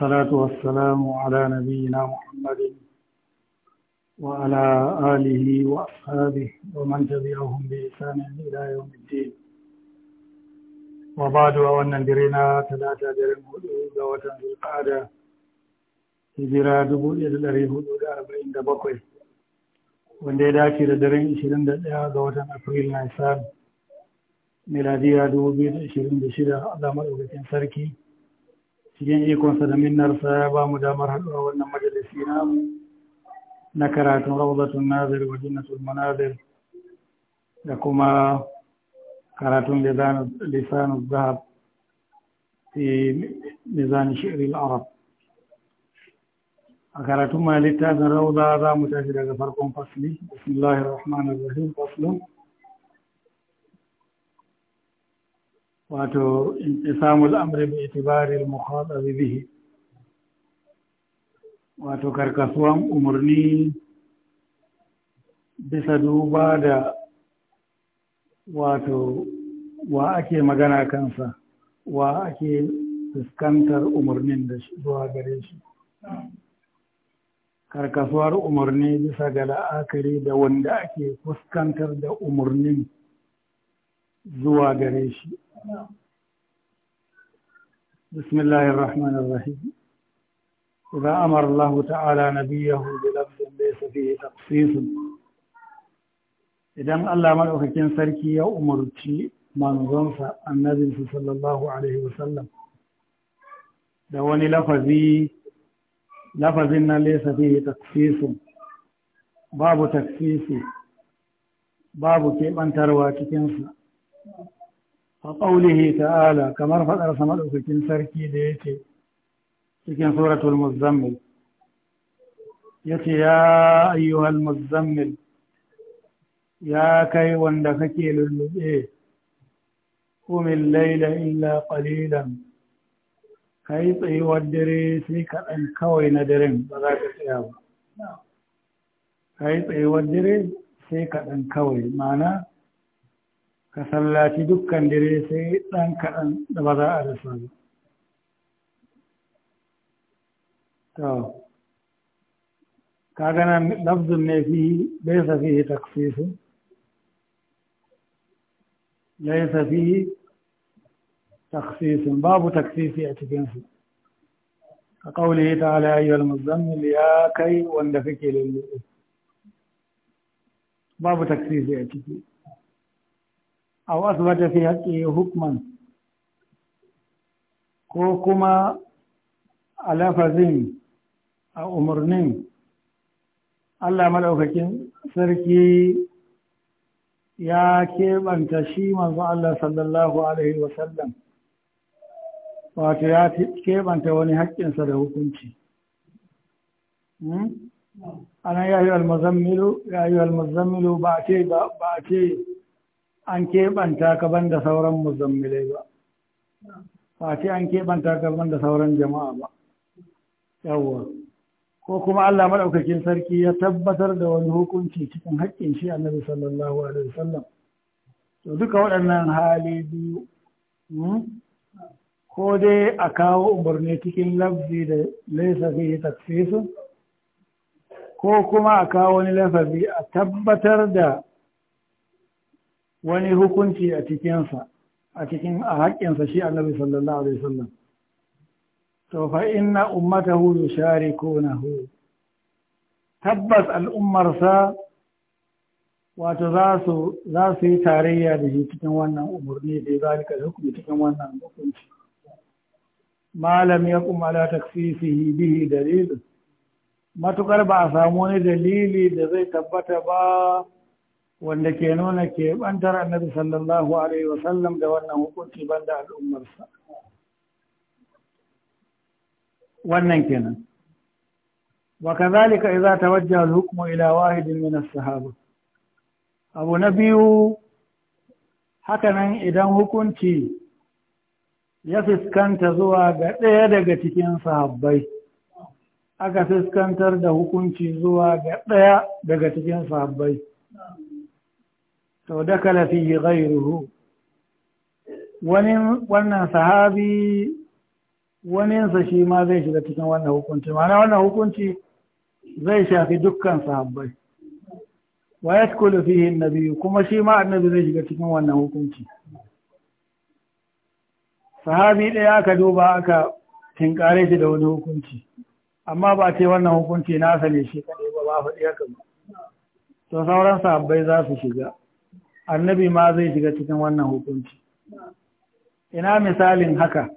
والصلاة والسلام على نبينا محمد وعلى آله وأصحابه ومن تبعهم بإحسان إلى يوم الدين وبعد أن برنا ثلاثة درم حدود وتنزل القعدة hijira dubu ɗaya da ɗari hudu da arba'in da bakwai wanda ya dace da daren ishirin da ɗaya ga watan afril na isan miladiya dubu biyu da ishirin da shida allah maɗaukakin sarki cikin ikonsa da minnarsa ya ba mu damar haɗuwa wannan majalisi namu na karatun rawdatun nazir wa jannatul manazir da kuma karatun lisanu zahab fi mizan shi'ri arab a karatun ma littafin rawda za mu tashi daga farkon fasli bismillahir rahmanir rahim faslun wato intisamul amri bi itibaril haɗa bihi wato karkasuwan umarni bisa duba da wato wa ake magana kansa wa ake fuskantar umarnin da zuwa gare shi karkasuwar umarni bisa ga la'akari da wanda ake fuskantar da umarnin zuwa gare shi. Bismillahir Rahmanir Rahim. Idan Allah ta'ala na bi da ya safi tafsisin. Idan Allah maɗaukakin sarki ya umarci manzonsa annabin su sallallahu alaihi wasallam da wani lafazi lafazin nan ya safi taksisu, Babu tafsisi, babu keɓantarwa cikinsa. a ƙaunihi ta'ala kamar faɗar sama ɗaukakin sarki da yace cikin suratul muzammil yace ya ayyuhal muzammil ya kai wanda kake lullube kumin laila illa qalilan kai tsayuwar dare sai kaɗan kawai na daren ba za ka tsaya ba kai tsayuwar dare sai kaɗan kawai mana ka sallaci dukkan dare sai ɗan kaɗan da ba za a rasa ba to ka gana lafzun ne fi laysa fihi taksisu laysa taksi su, babu su a cikinsu a ƙaule ta halayyar muzammil ya kai wanda kake lullu. babu su a ciki أو أثبت في حقه حكما ko kuma a lafazin a umarnin Allah maɗaukakin sarki ya keɓanta shi manzo Allah sallallahu Alaihi wasallam wato ya keɓanta wani haƙƙinsa da hukunci. Hmm? Ana yayi almazammilu, yayi almazammilu ba a ce an keɓanta ka ban da sauran muzammilai ba ba ce an keɓanta ka ban da sauran jama'a ba yawwa ko kuma Allah maɗaukakin sarki ya tabbatar da wani hukunci cikin haƙƙin shi annabi sallallahu alaihi wasallam to duka waɗannan hali biyu hmm, ko dai a kawo umarni cikin lafzi da laisa fihi taksisun ko kuma a kawo wani lafazi a tabbatar da wani hukunci a cikinsa a cikin a haƙƙinsa shi annabi sallallahu alaihi wasallam to fa inna ummatahu yusharikunahu tabbas al'ummarsa wato za su za su yi tarayya da shi cikin wannan umarni da ya zalika da hukumi cikin wannan hukunci malam ya kuma ala taksisihi bihi dalil matukar ba a samu wani dalili da zai tabbata ba wanda ke nuna keɓantar annabi sallallahu alaihi sallam da wannan hukunci banda al'ummarsa wannan kenan وكذلك إذا توجه الحكم إلى واحد من الصحابة abu na biyu hakanan idan hukunci ya fuskanta zuwa ga ɗaya daga cikin sahabbai aka fuskantar da hukunci zuwa ga ɗaya daga cikin sahabbai to dakala fihi ghayruhu wani wannan sahabi waninsa shi ma zai shiga cikin wannan hukunci ma'ana wannan hukunci zai shafi dukkan sahabbai wa yadkhulu fihi annabi kuma shi ma annabi zai shiga cikin wannan hukunci sahabi ɗaya aka duba aka tinkare shi da wani hukunci amma ba ce wannan hukunci na ne shi kaɗai ba ba faɗi haka ba to sauran sahabbai za su shiga annabi ma zai shiga cikin wannan hukunci ina misalin haka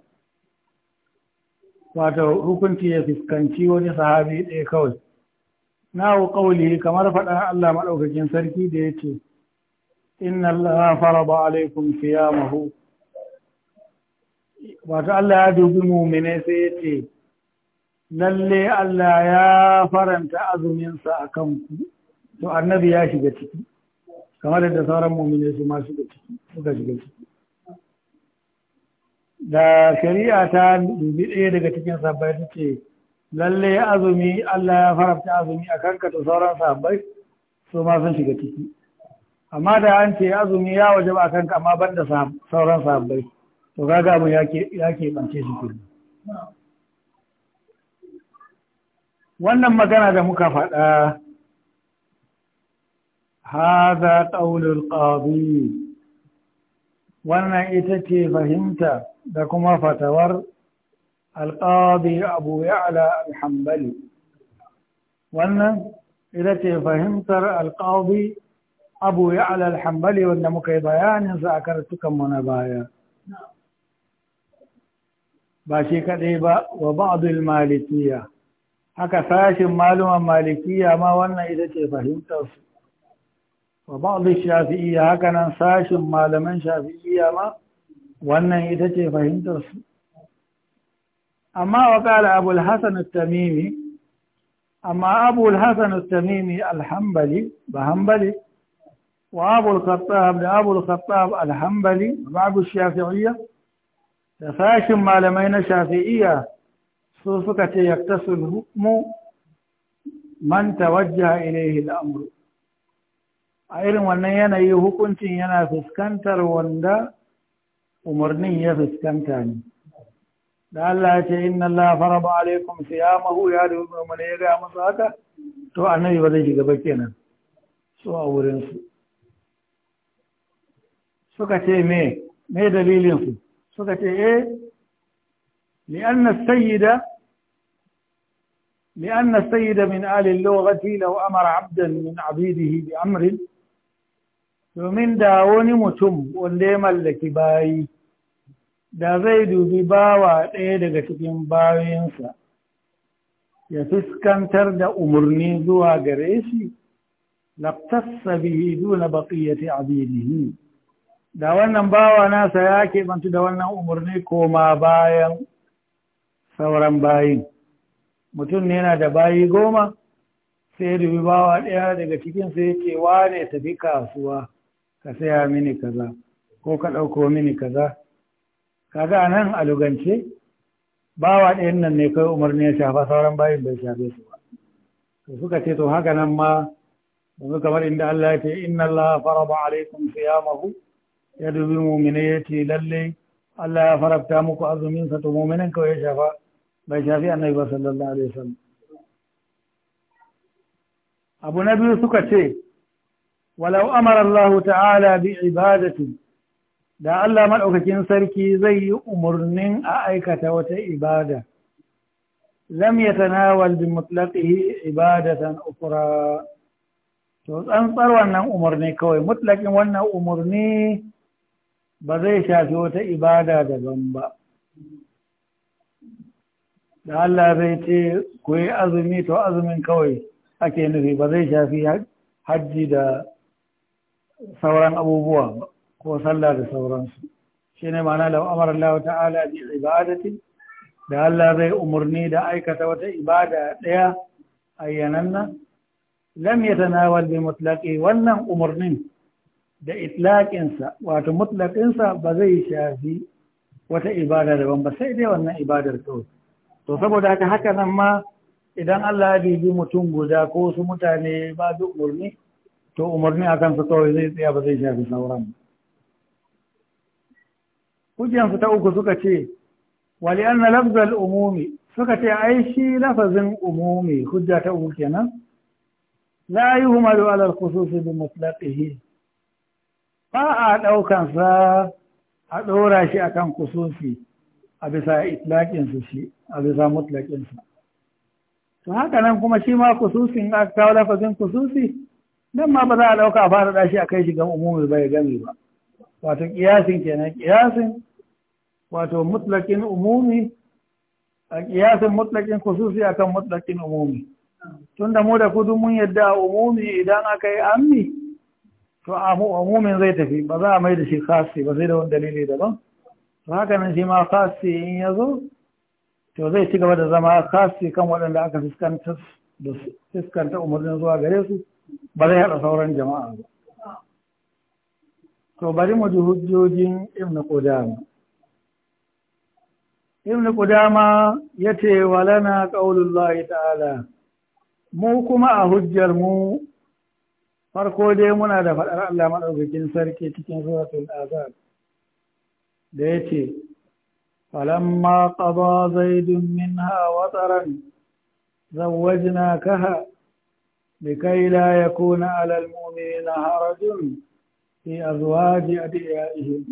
wato hukunci ya fuskanci wani sahabi ɗaya kawai na ƙauli kamar faɗa Allah maɗaukakin sarki da ya ce inna Allah alaikun fiya mahu. wato Allah ya dubi mumine sai ya ce lalle Allah ya faranta azuminsa a kanku to annabi ya shiga ciki kamar yadda sauran mummune su ma suka suka shiga ciki da shari'a ta dubi ɗaya daga cikin sabbai ta ce lalle azumi Allah ya farafta azumi a kanka da sauran sabbai su ma sun shiga ciki amma da an ce azumi ya waje ba a kanka amma ban da sauran sabbai to kaga mu ya ke ɓance shi kullum wannan magana da muka faɗa haza ƙaunar ƙazi wannan ita ce fahimta da kuma fatawar alƙazi abu ya'ala alhambali wannan ita ce fahimtar alƙazi abu ya'ala alhambali wanda muka yi bayanin su a kartukanmu na baya ba shi kaɗai ba wa ba'adul malikiya haka sashin maluman malikiya ma wannan ita ce fahimtarsu وبعض الشافعية هكذا ساش ما لمن شافعية ما وانا يتجي فهم أما وقال أبو الحسن التميمي أما أبو الحسن التميمي الحنبلي بحنبلي وأبو الخطاب لأبو الخطاب الحنبلي بعض الشافعية فاش ما لمن شافعية صفقة يكتسبه من توجه إليه الأمر a irin wannan yanayi hukuncin yana fuskantar wanda umarnin ya fuskanta ne da Allah ya ce inna Allah faraba alaikum su ya da mana ya gaya masa haka to annabi ba zai shiga ba kenan so a wurinsu suka ce me me dalilinsu suka ce eh sayi da min السيد من آل اللغة amara abdan min abidihi bi amrin? domin da wani mutum wanda ya mallaki bayi da zai dubi bawa ɗaya daga cikin bayoyinsa ya fuskantar da umarni zuwa gare shi laftassa bihi duna baqiyati abidihi da wannan bawa nasa ya keɓantu da wannan umarni koma bayan sauran bayin mutum ne yana da bayi goma sai dubi bawa ɗaya daga cikin sai ce wane tafi kasuwa ka saya mini kaza ko ka ɗauko mini kaza kaga a nan a lugance bawa ɗayan nan ne kai umarni ya shafa sauran bayin bai shafe su ba to suka ce to haka nan ma yanzu kamar inda Allah ya ce inna Allah faraba alaikum siyamahu ya dubi mu'mini ya ce lalle Allah ya farabta muku azumin sa to mu'minin kawai ya shafa bai shafi annabi ba sallallahu alaihi wasallam abu na biyu suka ce walau amara Allah ta'ala bi ibadatin da Allah maɗaukakin sarki zai yi umarnin a aikata wata ibada lam yatanawal bi mutlaqihi ibadatan ukhra to tsantsar wannan umarni kawai mutlaqin wannan umarni ba zai shafi wata ibada daban ba da Allah zai ce ku yi azumi to azumin kawai ake nufi ba zai shafi hajji da sauran abubuwa ko sallah da sauransu shi ne ma'ana da amara Allah ta'ala bi ibadati da Allah zai umarni da aikata wata ibada ɗaya ayyananna lam yatanawal bi mutlaqi wannan umarnin da sa wato sa ba zai shafi wata ibada ban ba sai dai wannan ibadar kawai to saboda haka haka nan ma idan Allah ya bibi mutum guda ko su mutane ba duk umarni to umarni a kansa kawai zai tsaya ba zai shafi sauran hujjansu ta uku suka ce wali anna lafzal umumi suka ce ai shi lafazin umumi hujja ta uku kenan la yuhmalu ala khususi bi mutlaqihi ba a daukan sa a dora shi akan khususi a bisa itlaqin shi a bisa mutlaqin sa to haka nan kuma shi ma khususin aka kawo lafazin khususi nan ma ba za a a fara ɗashi a kai shi ga umumi bai gami ba wato kiyasin kenan kiyasin wato mutlakin umumi a kiyasin mutlakin kususi akan mutlakin umumi tunda mu da kudu mun yadda a umumi idan aka yi ammi to umumin zai tafi ba za a mai da shi khasi ba sai da wani dalili daban to haka nan shi ma khasi in ya zo to zai ci gaba da zama khasi kan waɗanda aka fuskanta umarnin zuwa gare su ba zai haɗa sauran jama'a ba to bari mu ji hujjojin ibn qudama ibn qudama yace walana qaulullahi ta'ala mu kuma a hujjar mu farko dai muna da faɗar Allah maɗaukakin sarki cikin suratul azab da ya yace falamma qada zaidun minha wataran zawwajnakaha لكي لا يكون على المؤمنين هرج في أزواج أدعائهم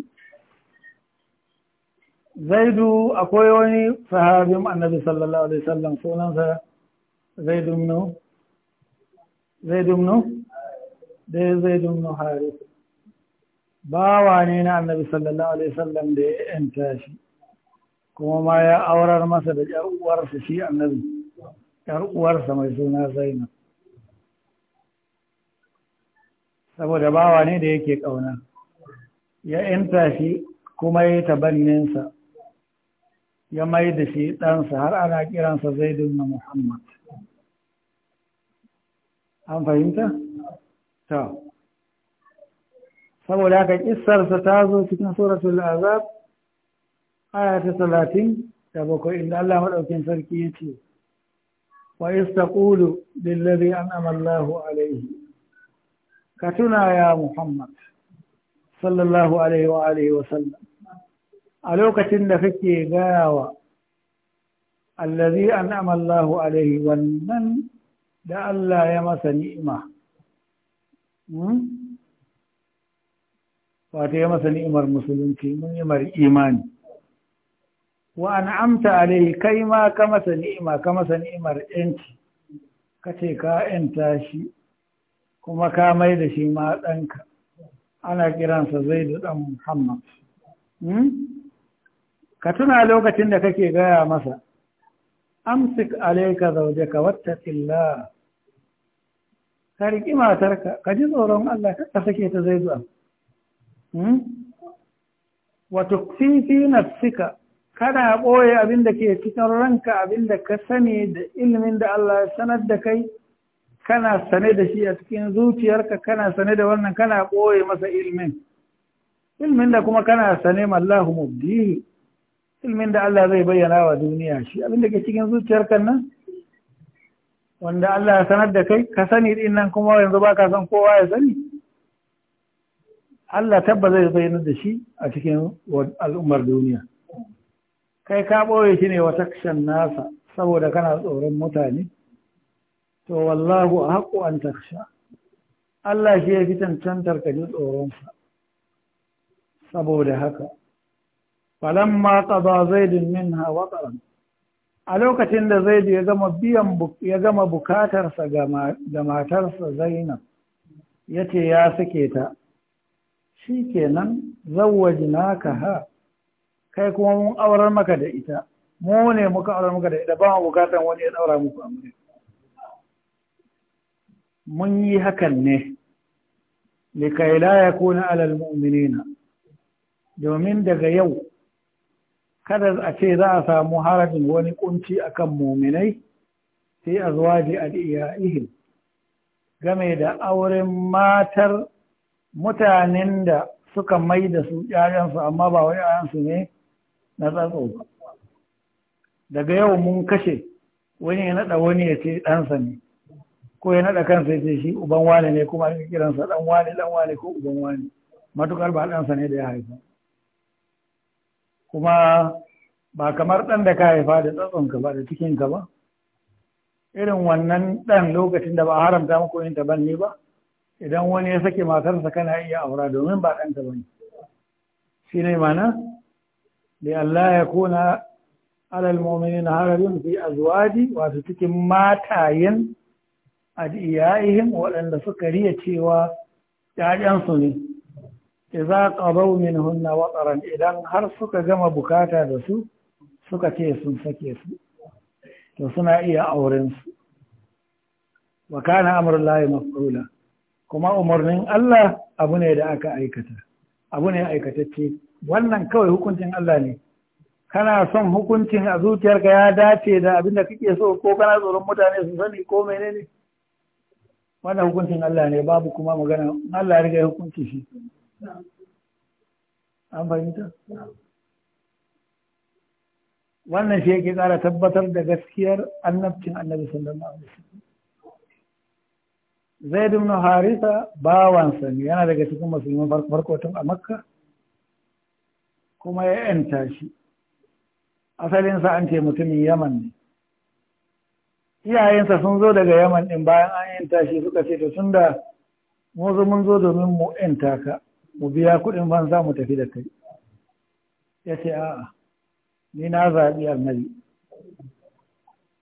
زيد أقويوني فهذم النبي صلى الله عليه وسلم سونا زيد بن زيد بن دي زيد بن حارث باوانينا النبي صلى الله عليه وسلم دي انتاشي كما ما يا اورر مسد شيء النبي جار ورث ما زينب saboda bawa ne da yake ƙauna ya inta shi kuma ya tabanninsa ya mai da shi ɗansa har ana kiransa zaidun na muhammad an fahimta? ta saboda haka ƙisarsa ta zo cikin suratul azab aya ta talatin da bakwai inda Allah maɗaukin sarki ya ce wa istaqulu lillazi an Allahu alaihi ka tuna ya Muhammad sallallahu alaihi wa alaihi wa sallam a lokacin da kake gayawa allazi an'ama Allahu alaihi wannan da Allah ya masa ni'ima hmm? Wata ya masa ni'imar musulunci ni'imar imani wa an an'amta alaihi kai ma ka masa ni'ima ka masa ni'imar yanci ce ka yanta shi kuma ka mai da shi ma ɗanka ana kiransa zai da ɗan muhammad hmm? ka tuna lokacin da kake gaya masa amsik alaika zaujaka wattaqillah ka riƙi matarka ka ji tsoron Allah ka sake ta zai zuwa hmm? wa tukfifi nafsika kada ɓoye abin da ke cikin ranka abin da ka sani da ilimin da Allah ya sanar da kai kana sane da shi a cikin zuciyarka kana sane da wannan kana ɓoye masa ilmin ilmin da kuma kana sane mallahu mubdi ilmin da Allah zai bayyana wa duniya shi abin da ke cikin zuciyarka nan wanda Allah ya sanar da kai ka sani din nan kuma yanzu ba ka san kowa ya sani Allah tabba zai bayyana da shi a cikin al'ummar duniya kai ka ɓoye shi ne wa takshan nasa saboda kana tsoron mutane to wallahu a haƙo an taksha Allah shi ya fi cancantar ka ji tsoronsa saboda haka falon falamma qada zaidun hawa wataran a lokacin da zaidu ya gama ya gama bukatarsa ga matarsa zainab ya ce ya sake ta shi kenan naka ha kai kuma mun aurar maka da ita mu ne muka aurar maka da ita ba mu bukatar wani ya daura muku amure mun yi hakan ne likai la yakuna alal mu'minina domin daga yau kada a ce za a samu harajin wani kunci akan muminai sai azwaji al-iyaihim game da auren matar mutanen da suka mai da su ‘ya'yansu amma ba wai ‘ya'yansu ne na tsatso ba. Daga yau mun kashe wani ya naɗa wani ya ce ɗansa ne, ko ya naɗa kansa ya ce shi uban wane ne kuma ake kiransa ɗan wane ɗan wane ko uban wane matukar ba ɗansa ne da ya haifa kuma ba kamar ɗan da ka haifa da tsatsonka ba da cikinka ba irin wannan ɗan lokacin da ba a haramta muku yin ta ne ba idan wani ya sake matarsa kana iya aura domin ba ɗanka ba ne shi ne mana da Allah ya kona alal mu'minin harajin fi azwaji wato cikin matayen adiyaihim waɗanda suka riya cewa ‘ya'yansu ne, iza min hunna watsaran idan har suka gama bukata da su suka ce sun sake su, to suna iya aurensu. Wa kana amurlahi maf'ula kuma umarnin Allah abu ne da aka aikata, abu ne aikatacce, wannan kawai hukuncin Allah ne. kana son hukuncin a zuciyarka ya dace da abinda da kake so ko kana tsoron mutane su sani ko menene ne wannan hukuncin Allah ne babu kuma magana Allah ya riga ya hukunci shi an fahimta wannan shi yake kara tabbatar da gaskiyar annabcin annabi sallallahu alaihi wasallam zaid ibn harisa bawansa ne yana daga cikin musulman farko tun a makka kuma ya yanta shi asalinsa an ce mutumin yaman ne iyayensa sun zo daga yaman ɗin bayan an yanta shi suka ce to sun da mu zo mun zo domin mu yanta ka mu biya kuɗin ban za mu tafi da kai ya ce a'a ni na zaɓi annabi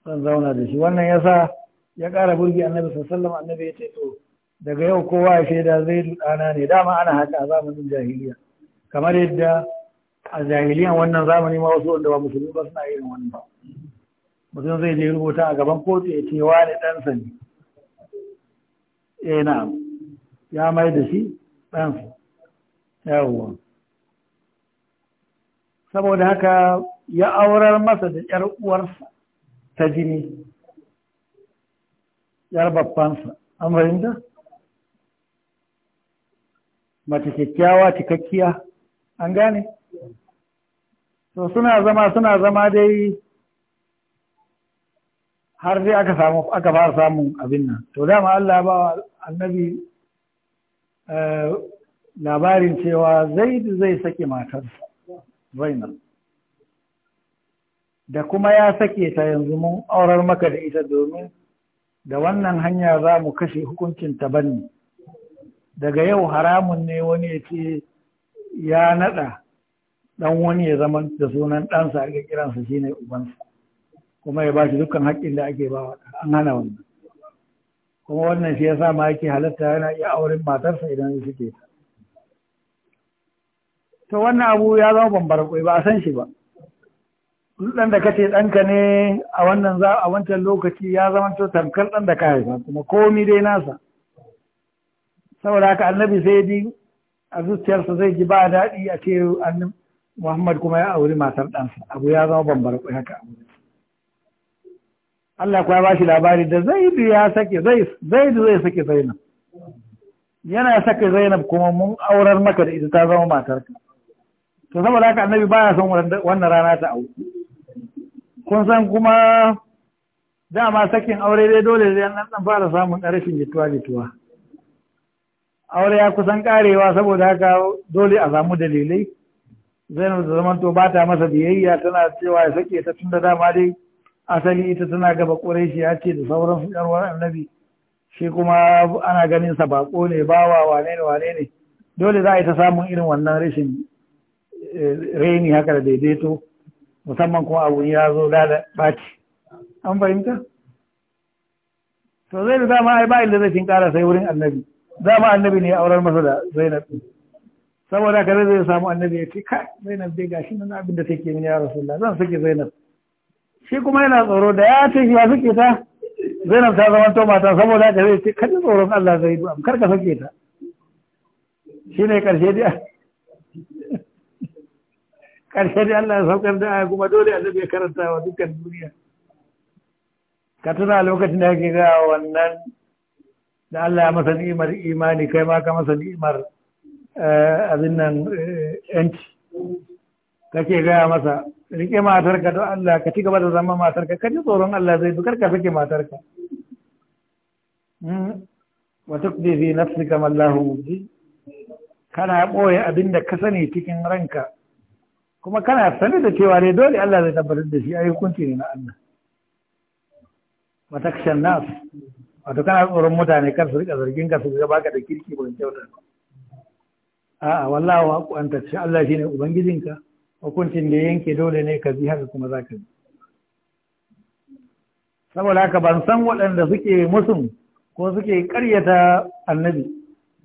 zan zauna da shi wannan ya sa ya ƙara burgi annabi sallallahu annabi ya ce to daga yau kowa ya shaida zai ɗana ne dama ana haka a zamanin jahiliya kamar yadda a jahiliyan wannan zamani ma wasu wanda ba musulmi ba suna irin wannan ba. mutum zai je rubuta a gaban kotu ya ce wa ne ɗansa ne eh ya mai da shi ɗansa yawwa saboda haka ya aurar masa da ‘yar uwarsa ta jini ‘yar babbansa an fahimta? mace kyakkyawa cikakkiya an gane? to suna zama suna zama dai har dai aka samu aka fara samun abin nan to dama Allah ba annabi eh, labarin cewa zaid zai sake matarsa zainab da kuma ya sake ta yanzu mun aurar maka da ita domin da wannan hanya za mu kashe hukuncin ta banni daga yau haramun ne wani ya ce ya naɗa ɗan wani ya zama da sunan ɗansa a kiransa shine ubansa kuma ya bashi dukkan haƙƙin da ake ba an hana wannan kuma wannan shi ya sa ma yake halatta yana iya auren matarsa idan suke to wannan abu ya zama bambara kwai ba a san shi ba ɗan da kace ɗanka ne a wannan za a wancan lokaci ya zama to tamkar ɗan da ka haifa kuma komi dai nasa saboda haka annabi sai ji a zuciyarsa zai ji ba daɗi a ce muhammad kuma ya auri matar ɗansa abu ya zama bambara kwai haka Allah kuwa ba shi labari da zaidu ya sake zaidu zai sake zainab yana sake zainab kuma mun aurar maka da ita ta zama matarka to saboda haka annabi baya son wannan rana ta auku kun san kuma dama sakin aure dai dole dai an dan fara samun rashin jituwa jituwa aure ya kusan karewa saboda haka dole a samu dalilai zainab da zamanto ba ta masa biyayya tana cewa ya sake ta tun da dama dai asali ita tana gaba ƙureshi ya ce da sauran su yarwar annabi shi kuma ana ganin sa bako ne bawa wane ne wane ne dole za a yi ta samun irin wannan rashin eh, reni haka da daidaito musamman kuma abu ya zo da ɓaci an fahimta to zai da dama ai ba inda zai kara sai wurin annabi dama annabi ne auren aurar masa da zainab saboda kare zai samu annabi ya ce kai zainab dai gashi nan abin da take min ya rasulullah zan sake zainab shi kuma yana tsoro da ya ce shi ya suke ta zainab ta zama to mata saboda haka zai ce kan tsoron Allah zai yi am ka suke ta shi ne karshe dai karshe dai Allah ya saukar da aya kuma dole a zabe karanta wa dukkan duniya ka tuna lokacin da kake ga wannan da Allah ya masa ni'imar imani kai ma ka masa ni'imar eh, abin nan eh, yanci kake gaya masa rike matarka don Allah ka ci gaba da zama matarka ka ji tsoron Allah zai dukar ka sake matarka hmm. wa tukdi fi nafsika ma Allah kana boye abin da ka sani cikin ranka kuma kana sani da cewa ne dole Allah zai tabbatar da shi ai hukunci ne na Allah wa takshan nas wato kana tsoron mutane kar su rika zargin ka su ga baka da kirki ba kyautar a'a wallahu haqqu anta Allah shine ubangijinka hukuncin da yanke dole ne ka bi haka kuma za ka bi saboda haka ban san waɗanda suke musun ko suke ƙaryata annabi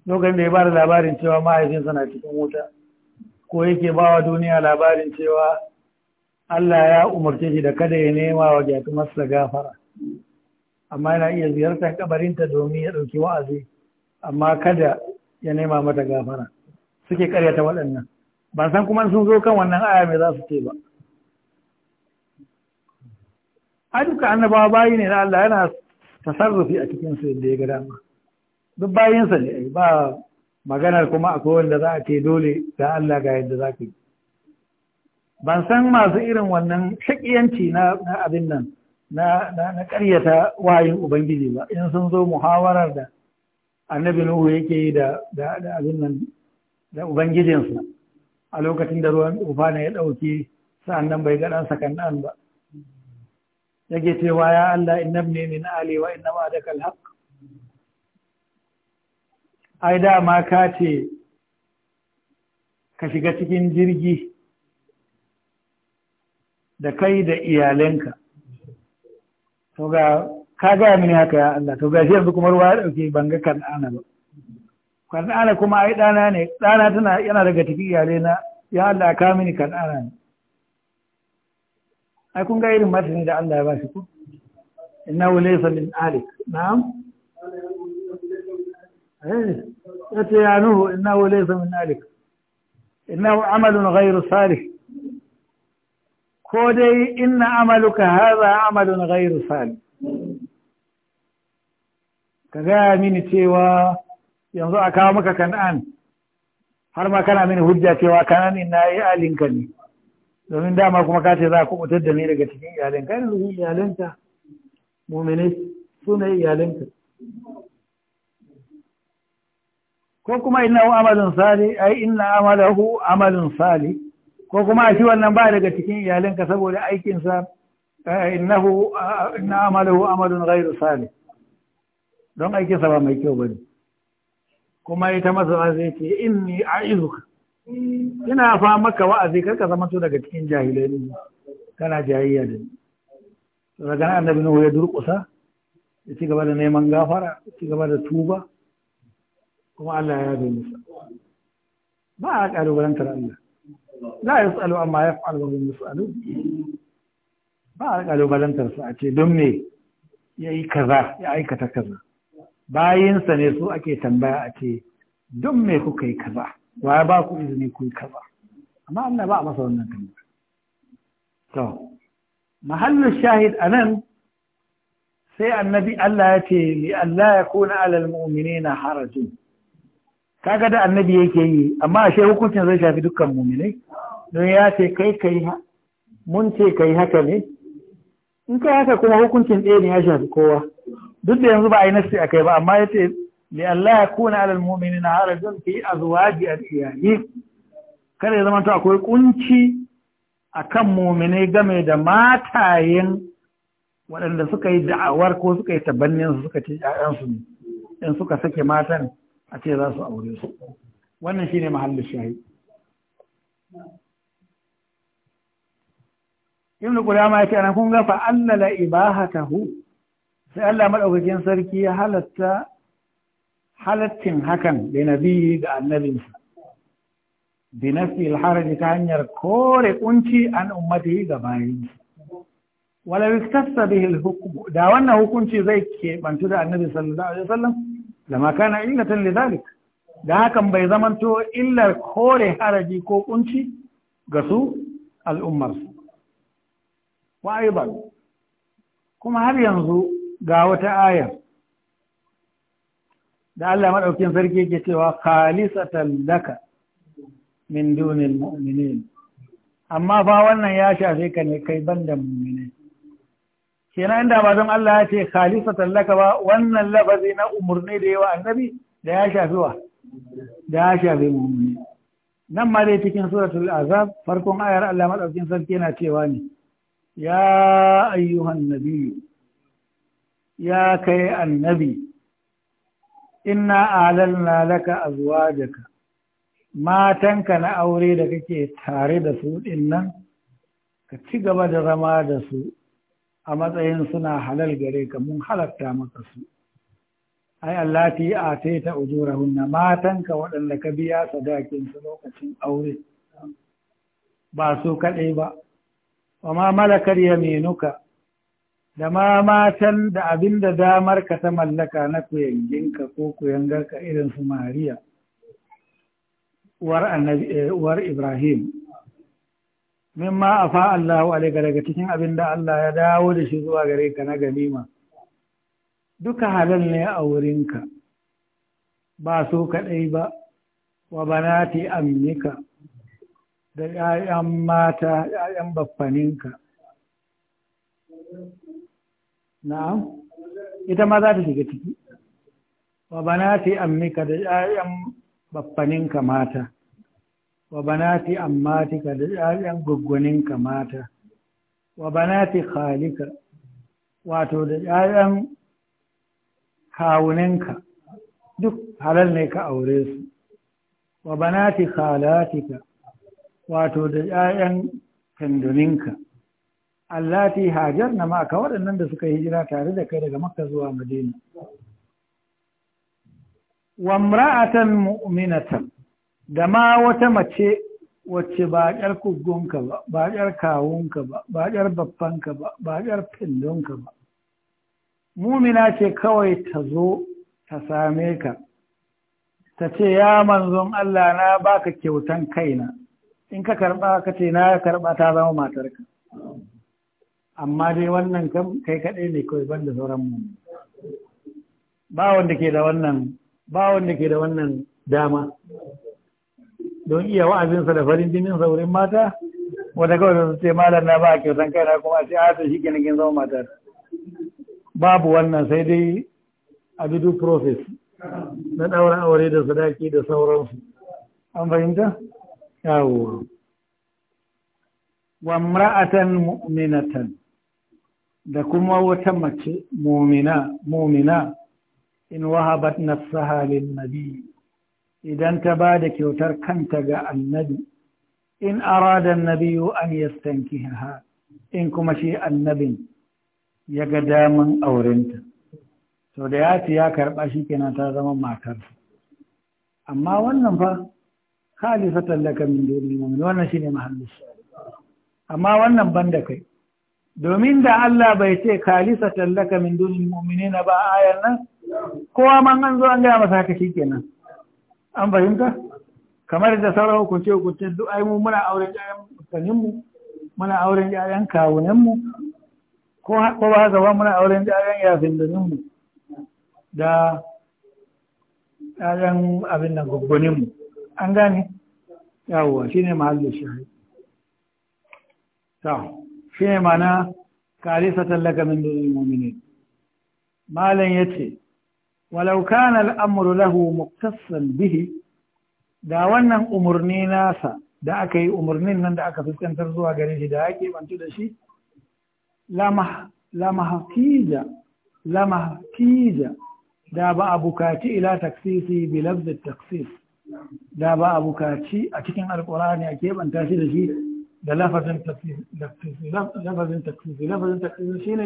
lokacin da ya bada labarin cewa mahaifinsa na cikin wuta ko yake ba wa duniya labarin cewa Allah ya umarce shi da kada ya nema wa gyatumarsa gafara amma yana iya ziyartar kabarinta domin ya ɗauki wa'azi amma kada ya nema mata gafara suke karyata waɗannan ban san kuma sun zo kan wannan aya mai za su ce ba a duka annabawa bayi ne na Allah yana tasarrufi a cikin su da ya ga dama duk bayinsa ne ba maganar kuma akwai wanda za a ce dole da Allah ga yadda za ka yi ban san masu irin wannan shakiyanci na abin nan na na ƙaryata wayin ubangiji ba in sun zo muhawarar da annabi nuhu yake yi da abin nan da ubangijinsa a lokacin da ruwan na ya ɗauki sa'an nan bai gaɗa sakan ɗan ba yake cewa ya Allah in nan ne na ali wa innam adaka alhaq ai dama ka ce ka shiga cikin jirgi da kai da iyalanka to ga ka gaya mini haka ya Allah to ga shi yanzu kuma ruwa ya ɗauke ban ga kan ana ba kan'ana kuma ai dana ne dana tana yana daga tafi iyalai na ya Allah ka mini kan'ana ne ai kun ga irin martani da Allah ya ba shi ku inna wa laysa min alik na'am eh ate ya nu inna wa laysa min alik innahu amalun ghayru salih ko dai inna amaluka hadha amalun ghayru salih kaga mini cewa yanzu a kawo maka kan'an har ma kana mini hujja cewa kan'an ina yi alinka ne domin dama kuma ka ce za a kubutar da ni daga cikin iyalinka yanzu shi iyalinka mumini su ne iyalinka ko kuma inna hu amalin sali ai inna amalahu amalin sali ko kuma a shi wannan ba daga cikin iyalinka saboda aikinsa eh, innahu ah, inna amalahu amalun ghairu sali don aikinsa ba mai kyau bane kuma ita masa zai ce inni a'izuka ina fa maka wa'azi karka zama to daga cikin jahilai ne kana jahiliya da ni daga nan annabi nuhu ya durƙusa ya ci gaba da neman gafara ya ci gaba da tuba kuma Allah ya yabe musa ba a tara Allah la yasalu amma yaf'al wa hum tsalo? ba a tara sa a ce don me yayi kaza ya aikata kaza bayinsa ne su ake tambaya a ce duk me kuka yi kaza wa ba ku izini ku yi kaza amma Allah ba a masa wannan tambaya to mahallu shahid anan sai annabi Allah ya ce li Allah ya kuna alal mu'minina haraju kaga da annabi yake yi amma ashe hukuncin zai shafi dukkan mu'minai don ya ce kai kai mun ce kai haka ne in kai haka kuma hukuncin ɗaya ne ya shafi kowa duk da yanzu ba a yi nasi a kai ba amma ya ce li Allah ya kuna alal mu'mini na harajin fi azwaji a iyali kada ya zama to akwai kunci kan mu'mini game da matayen waɗanda suka yi da'awar ko suka yi tabannin su suka ci ƴaƴansu ne in suka sake matan a ce za su aure su wannan shine mahallin shahi ibnu qudama ce ana kun ga fa annala ibahatahu sai Allah maɗaukakin sarki ya halatta halattin hakan da nabi ga annabinsa bi nafi alharaji ta hanyar kore kunci an ummatihi ga bayinsa wala yastassa bihi da wannan hukunci zai ke bantu da annabi sallallahu alaihi wasallam ma kana illatan lidhalik da hakan bai zamanto illar kore haraji ko kunci ga su al'ummarsu wa ba kuma har yanzu ga wata ayar da Allah maɗaukin sarki yake cewa khalisatan laka min dunil mu'minin amma fa wannan ya shafe ka ne kai banda mu'minin kenan inda ba don Allah ya ce khalisatan laka ba wannan lafazi na umurni da yawa annabi da ya shafe wa da ya shafi mu'minin nan ma dai cikin suratul azab farkon ayar Allah maɗaukin sarki yana cewa ne ya ayyuhan nabiyyu ya kai annabi inna alalna laka azwajaka matanka na aure da kake tare da su dinnan ka ci gaba da zama da su a matsayin suna halal gare ka mun halatta maka su ai allati ta ujurahunna matanka waɗanda ka biya sadakin su lokacin aure ba su kaɗai ba wa kar malakar yaminuka da ma matan da abin da damar ka ta mallaka na kuyanginka ko kuyangarka irin su mariya uwar eh, ibrahim mimma afa Allahu alaika daga cikin abin da Allah ya dawo da shi zuwa gare ka na ganima duka halal ne a wurinka ba so kaɗai ba wa banati amnika da 'ya'yan mata 'ya'yan baffaninka na'am ita ma za ta shiga ciki wa banati ammika da ƴaƴan baffaninka mata wa banati ammatika da ƴaƴan gwaggwaninka mata wa banati khalika wato da ƴaƴan kawuninka duk halal ne ka aure su wa banati khalatika wato da ƴaƴan tendoninka? allati hajarna ma ka waɗannan da suka yi hijira tare da kai daga makka zuwa madina wa imra'atan mu'minatan da ma wata mace wacce ba ƙyar kugunka ba ba ƙyar kawunka ba ba ƙyar babbanka ba ba ƙyar fillonka ba mumina ce kawai ta zo ta same ka ta ce ya manzon Allah na baka kyautan kaina in ka karɓa ka ce na karɓa ta zama matarka amma dai wannan kai kaɗai ne kawai banda sauran mu ba wanda ke da wannan ba wanda ke da wannan dama don iya wa'azinsa da farin jinin saurin mata wata kawai sun ce malam na ba a kyautan kaina kuma sai a ah, ta shi kenan kin zama matar babu wannan sai dai a bi process na ɗaurin aure da sadaki da sauransu an fahimta yawo wa mra'atan mu'minatan da kuma wata mace mumina mumina in wahabat nafsaha lin nabi idan ta ba da kyautar kanta ga annabi in arada nabiyu an yastankiha in kuma shi annabin ya ga daman aurenta to da ya ce ya karɓa shi kenan ta zama matar amma wannan fa khalifatan laka min duni mu'min wannan shine mahallin amma wannan banda kai domin da Allah bai ce kalisa tallaka min dunin mu'mini na ba ayan nan kowa man an zo an gaya masa haka shikenan an fahimta kamar da sauran hukunce hukunce duk ai mu muna auren ƴaƴan mutanen mu muna auren ƴaƴan kawunan mu ko ko ba gaba muna auren ƴaƴan yafin da mu da ƴaƴan abin nan goggonin mu an gane yawwa shine mahallin shahid ta shi ne mana karisa tallaka min dunin mumini malam ya ce walau kana lahu muktassan bihi da wannan umarni nasa da aka yi umarnin nan da aka fuskantar zuwa gare shi da ake bantu da shi lamahafija da ba a bukaci ila taksisi bilabda taksis da ba a bukaci a cikin alkurani a keɓanta shi da shi da lafazin takfizi lafazin takfizi lafazin takfizi shine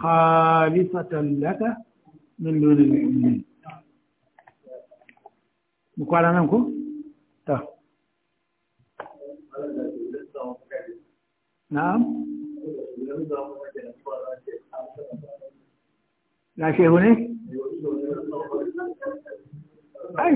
khalisatan laka min dunil mu'minin mu kwana nan ko ta na'am na shehu ne ai